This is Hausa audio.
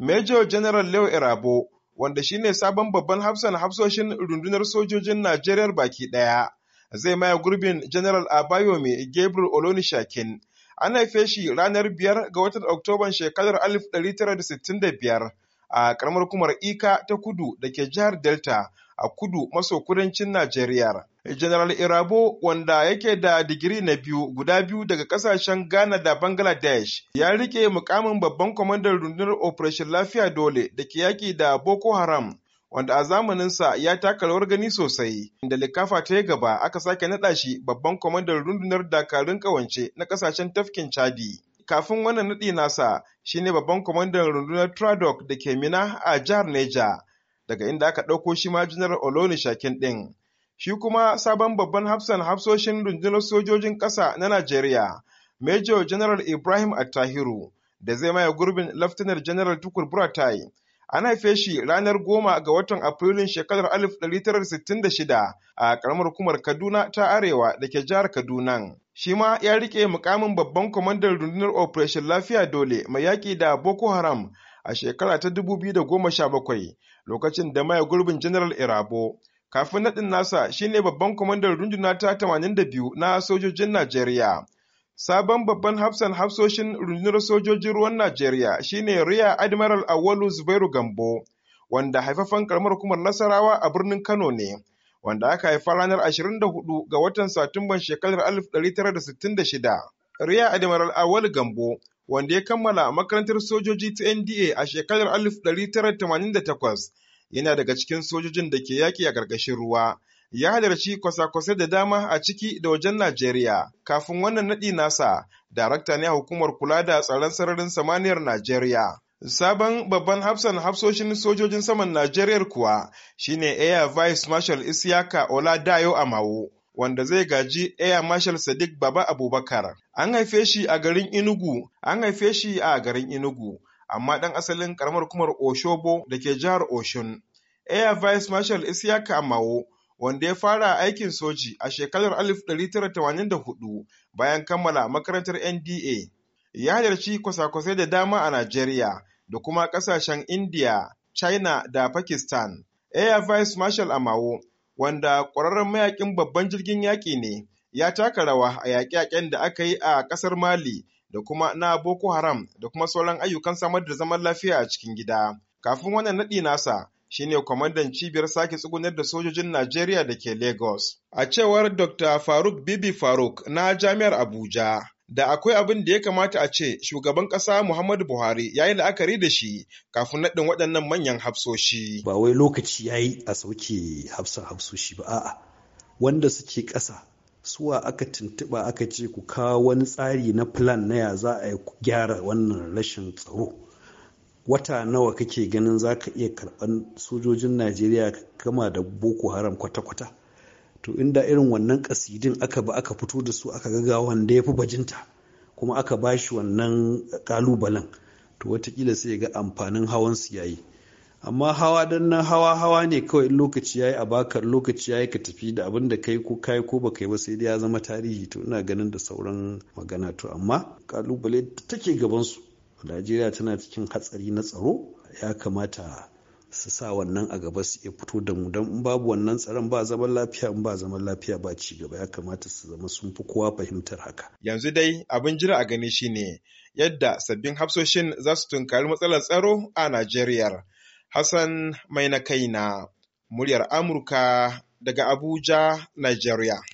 Major General Leo Irabo, wanda shi ne sabon babban hafsan hafsoshin rundunar sojojin Najeriya baki ɗaya, zai maya gurbin General Abayomi Gabriel Olonishakin. An haife shi ranar biyar ga watan Oktoban shekarar 1965 a karamar hukumar ika ta kudu da ke jihar delta a kudu maso kudancin najeriya general irabo wanda yake da digiri na biyu guda biyu daga kasashen ghana da bangladesh ya rike mukamin babban kwamandan rundunar operation lafiya dole da ke yaki da boko haram wanda a zamaninsa ya taka rawar gani sosai da likafa ta ya gaba aka sake naɗa shi babban kwamandan rundunar dakarun ƙawance na ƙasashen tafkin chadi Kafin wannan naɗi nasa shine babban kwamandan rundunar Tradoc da ke Mina a jihar Neja, daga inda aka ɗauko shi ma janar Oloni Shakin ɗin. Shi kuma sabon babban hafsan hafsoshin rundunar sojojin ƙasa na Najeriya, Major General Ibrahim Attahiru, da zai maye gurbin Laftanar General Tukur Buratai. An haife shi ranar goma ga watan Afrilun shekarar 1966 a karamar hukumar Kaduna ta Arewa da ke jihar Kaduna. Shi ma ya rike mukamin babban kwamandan rundunar Operation Lafiya Dole mai yaƙi da Boko Haram a shekara ta 2017 lokacin da maya gurbin General Irabo. Kafin naɗin nasa shine babban kwamandan runduna ta 82 na sojojin Najeriya. Sabon babban hafsan hafsoshin rundunar sojojin ruwan Najeriya shine Riya Admiral Awalu Zubairu Gambo, wanda haifafan karamar hukumar Nasarawa a birnin Kano ne, wanda aka haifa ranar 24 ga watan Satumban shekarar 1966. Riya Admiral Awalu Gambo, wanda ya kammala makarantar sojoji ta NDA a shekarar 1988, yana daga cikin sojojin da ke yaƙi a ƙarƙashin ruwa. ya halarci kwasa-kwasai da dama a ciki da wajen Najeriya. Kafin wannan naɗi nasa, darakta ne a hukumar kula da tsaron sararin samaniyar Najeriya. Sabon babban hafsan hafsoshin sojojin saman Najeriya kuwa shine Air Vice Marshal Isiyaka Dayo Amawo. wanda zai gaji Air Marshal Sadiq Baba Abubakar. An haife shi a garin Inugu, an haife shi a garin Inugu, amma ɗan asalin ƙaramar kumar Oshobo da ke jihar Oshun. Air Vice Marshal Isiyaka Amawo wanda ya fara aikin soji a shekarar 1984 bayan kammala makarantar NDA. Ya halarci kwasa-kwasai da dama a Najeriya da kuma ƙasashen India, China da Pakistan. Air Vice Marshal Amawo, wanda ƙwararren mayakin babban jirgin yaƙi ne, ya taka rawa a yaƙe-yaƙen da aka yi a ƙasar Mali da kuma na Boko Haram da kuma sauran ayyukan samar da zaman lafiya a cikin gida. Kafin wannan naɗi nasa, shine kwamandan cibiyar sake tsugunar da sojojin Najeriya da ke Lagos. A cewar Dr. Faruk Bibi Faruk na Jami'ar Abuja, da akwai abin da ya kamata a ce shugaban ƙasa Muhammadu Buhari ya yi la'akari da shi kafin naɗin waɗannan manyan hafsoshi. Ba wai lokaci ya yi a sauke hafsa hafsoshi ba, a'a wanda suke ƙasa suwa aka tuntuɓa aka ce ku kawo wani tsari na plan na ya za a gyara wannan rashin tsaro. wata nawa kake ganin za ka iya karɓan sojojin najeriya kama da boko haram kwata-kwata to inda irin wannan kasidin aka ba aka fito da su aka gaga wanda ya fi bajinta kuma aka ba shi wannan kalubalen to watakila sai ga amfanin hawan su yayi amma hawa don nan hawa hawa ne kawai lokaci yayi a bakar lokaci yayi ka tafi da abin da kai ko kai ko baka yi ba sai dai ya zama tarihi to ina ganin da sauran magana to amma kalubale take gaban su najeriya tana cikin hatsari na tsaro ya kamata su sa wannan a gaba su iya fito da mu don babu wannan tsaron ba zaman lafiya in ba zaman lafiya ba ci gaba ya kamata su zama sun fi kowa fahimtar haka. Yanzu dai abin jira a gani shine yadda sabbin hafsoshin za su tunkari matsalar tsaro a Najeriya. Hassan mai na kai na muryar Amurka daga Abuja, Najeriya.